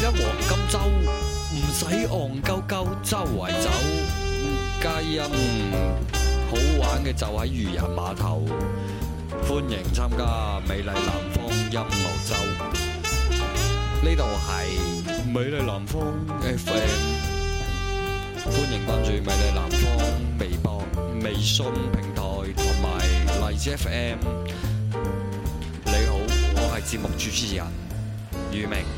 一黃金周，唔使戇鳩鳩，周圍走。皆因好玩嘅就喺漁人碼頭。歡迎參加美麗南方音樂周。呢度係美麗南方 FM。歡迎關注美麗南方微博、微信平台同埋荔枝 FM。M, 你好，我係節目主持人宇明。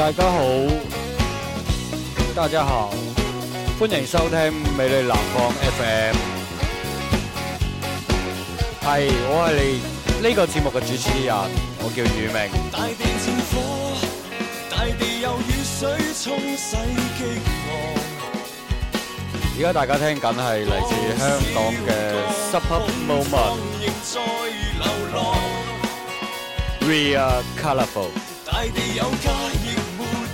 大家好，大家好，歡迎收聽美麗南方 FM。係，我係你呢個節目嘅主持人，我叫宇明。大地戰火，大地有雨水沖洗激昂。而家大家聽緊係嚟自香港嘅 Supper Moment。仍在流浪。We Are Colorful。大地有界。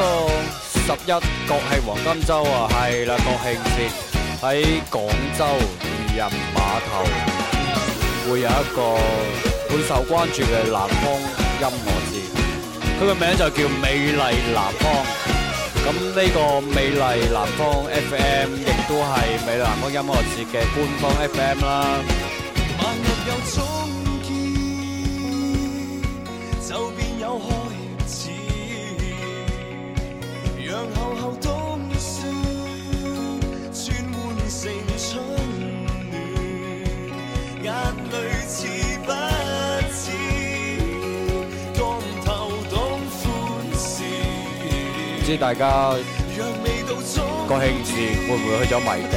十一國慶黃金周啊，係啦，國慶節喺廣州漁人碼頭會有一個備受關注嘅南方音樂節，佢個名就叫美麗南方。咁呢個美麗南方 FM 亦都係美麗南方音樂節嘅官方 FM 啦。唔知大家國慶節會唔會去咗迷笛，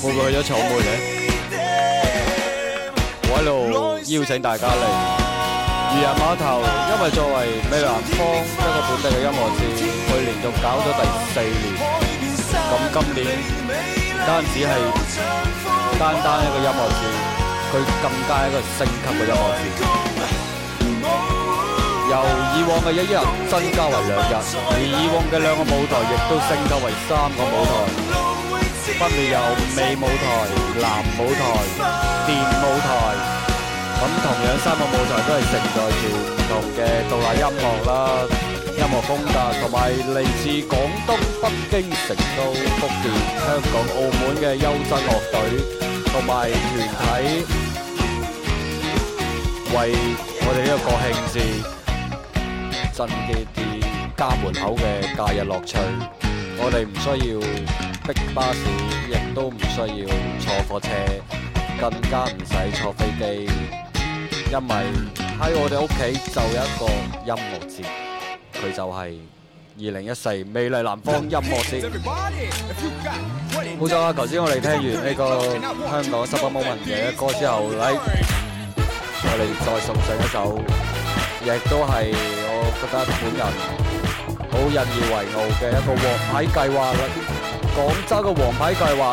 會唔會去咗草莓呢？我喺度邀請大家嚟漁人碼頭，因為作為美麗南方一個本地嘅音樂節，佢連續搞咗第四年，咁今年唔單止係單單一個音樂節，佢更加一個升級嘅音樂節。由以往嘅一日增加為兩日，而以往嘅兩個舞台亦都升級為三個舞台，分別有美舞台、南舞台、電舞台。咁同樣三個舞台都係承載住唔同嘅獨立音樂啦，音樂風格同埋嚟自廣東、北京、成都、福建、香港、澳門嘅優質樂隊同埋團體，為我哋呢個國慶節，增添啲家門口嘅假日樂趣，我哋唔需要逼巴士，亦都唔需要坐火車，更加唔使坐飛機，因為喺我哋屋企就有一個音樂節，佢就係二零一四美麗南方音，音樂節。好咗、啊、啦，頭先我哋聽完呢個香港 Supper Moment 嘅歌之後，嚟 我哋再送上一首，亦都係。覺得本人好引以為傲嘅一個王牌計劃啦，廣州嘅王牌計劃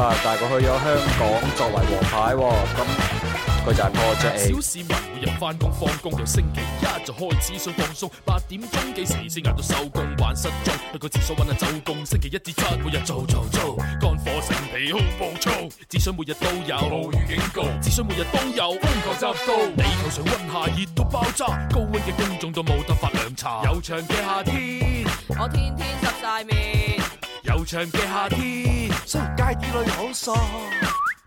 啊，但是去咗香港作為王牌喎。就小市民每日翻工放工，由星期一就開始想放鬆。八點鐘幾時先挨到收工？玩失蹤去個廁所搵下周公。星期一至七，每日做做做，肝火盛皮好暴躁，只需每日都有暴雨警告，只需每日都有風球濕到。地球上溫下熱到爆炸，高溫嘅工種都冇得發涼茶。悠長嘅夏天，我天天濕晒面。悠長嘅夏天，雖然街市裏好傻。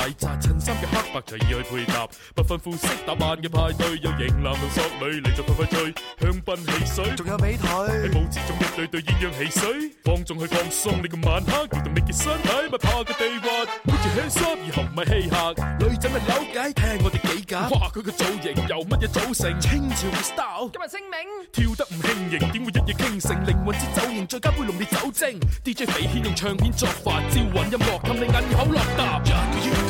禮扎襯衫嘅黑白隨意去配搭，不分膚色打扮嘅派對有型男同索女嚟就快快聚，香檳汽水仲有美腿喺舞池中一對對鴛鴦戲水，放縱去放鬆，呢個晚黑調動你嘅身體，咪怕嘅地滑，換住 T 恤而唔係嘻客，女仔咪扭計，睇下我哋幾假，話佢個造型由乜嘢組成？清朝嘅 style，今日聲明跳得唔輕盈，點會一夜傾城？靈魂之酒然再加杯濃烈酒精，DJ 肥謙用唱片作法，招魂音樂氹你眼耳口落搭。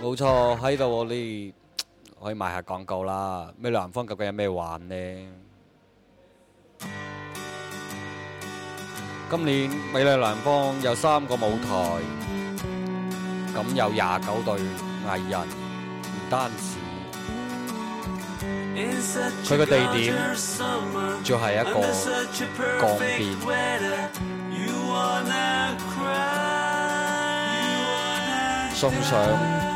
冇錯，喺度，我哋可以賣下廣告啦。美麗南方究竟有咩玩呢？今年美麗南方有三個舞台，咁有廿九對藝人，唔單止，佢個地點仲係一個港店，送上。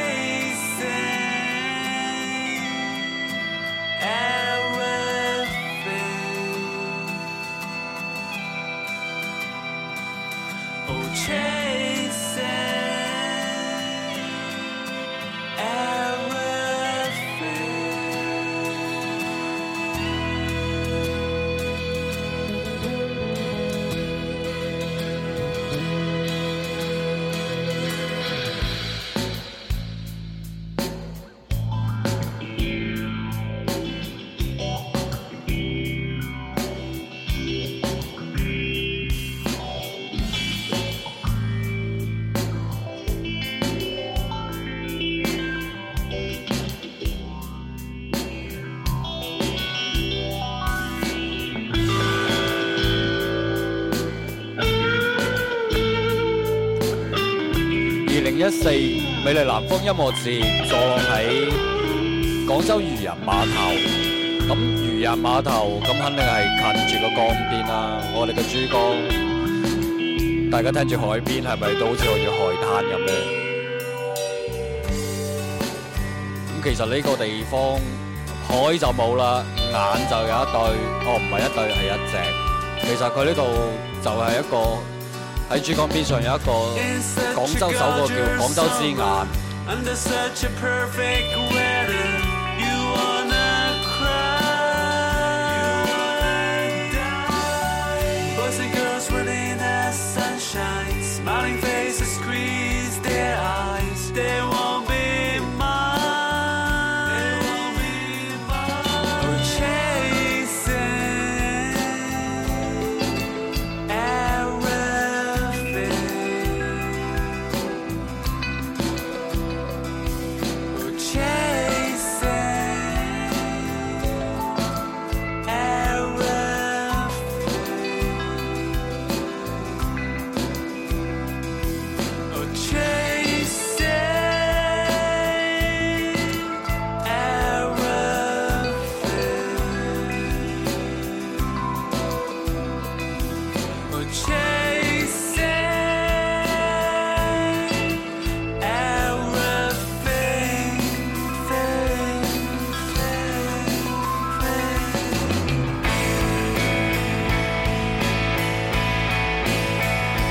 一四美麗南方音樂節坐喺廣州漁人碼頭，咁漁人碼頭咁肯定係近住個江邊啦、啊，我哋嘅珠江。大家聽住海邊，係咪都好似好似海灘咁咧？咁其實呢個地方海就冇啦，眼就有一對，哦唔係一對係一隻。其實佢呢度就係一個。喺珠江邊上有一個廣州首個叫廣州之眼。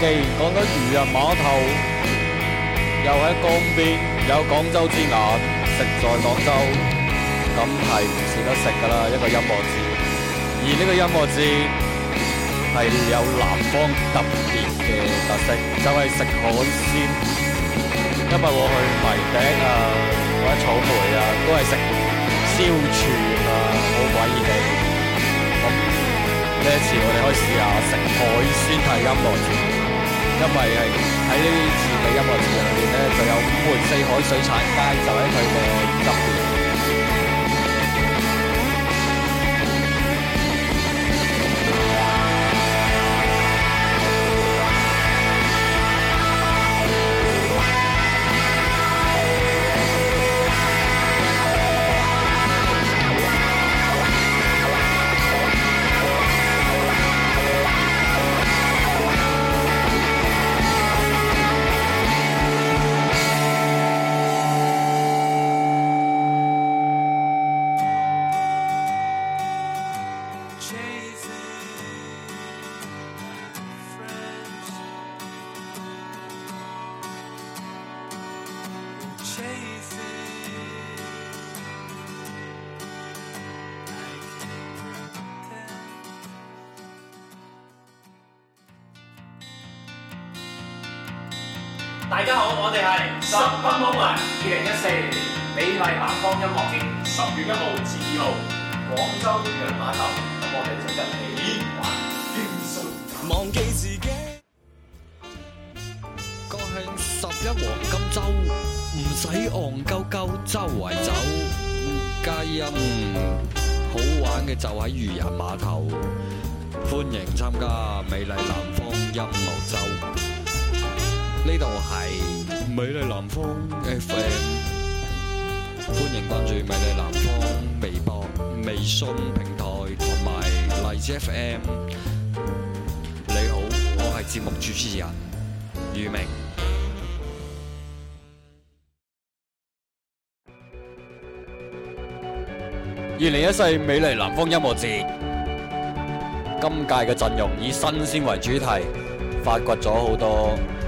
既然講緊漁人碼頭，又喺江邊有廣州之眼，食在廣州，咁係唔少得食噶啦一個音樂節。而呢個音樂節係有南方特別嘅特色，就係、是、食海鮮。因為我去迷笛啊，或者草莓啊，都係食燒串啊，好鬼熱氣。咁呢一次我哋可以試下食海鮮係音樂節。因為係喺呢個音樂節裏面呢就有五湖四海水產街就喺佢嘅側邊。我哋係十分好嚟，二零一四年美麗南方音樂節，十月一號至二號，廣州漁人碼頭，我哋就一起玩，輕鬆。忘記自己，國慶十一黃金週，唔使戇鳩鳩周圍走，皆因好玩嘅就喺漁人碼頭，歡迎參加美麗南方音樂週，呢度係。美麗南方 FM，歡迎關注美麗南方微博、微信平台同埋荔枝 FM。M，你好，我係節目主持人宇明。二零一四美麗南方音樂節，今屆嘅陣容以新鮮為主題，發掘咗好多。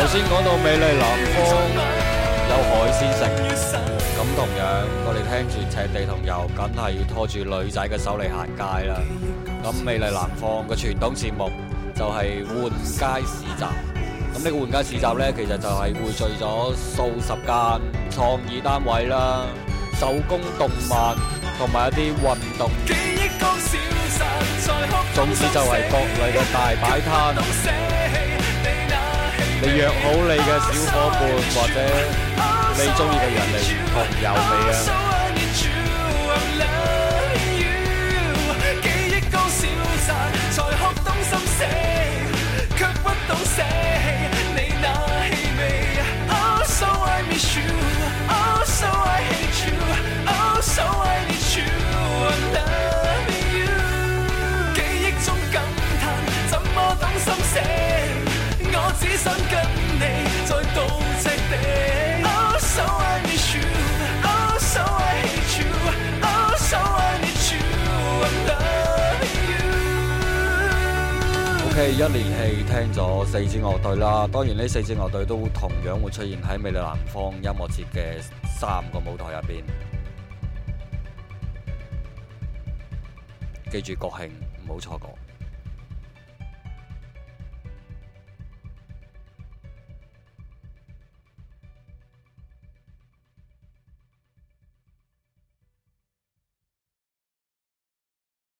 頭先講到美麗南方有海鮮食，咁同樣我哋聽住赤地同遊，梗係要拖住女仔嘅手嚟行街啦。咁美麗南方嘅傳統節目就係換街市集，咁呢個換街市集咧，其實就係匯聚咗數十間創意單位啦，手工動漫同埋一啲運動，總之就係國內嘅大擺攤。你約好你嘅小伙伴，或者你中意嘅人，嚟，朋友你啊！ OK，一連戲聽咗四支樂隊啦，當然呢四支樂隊都同樣會出現喺美麗南方音樂節嘅三個舞台入邊。記住國慶，唔好錯過。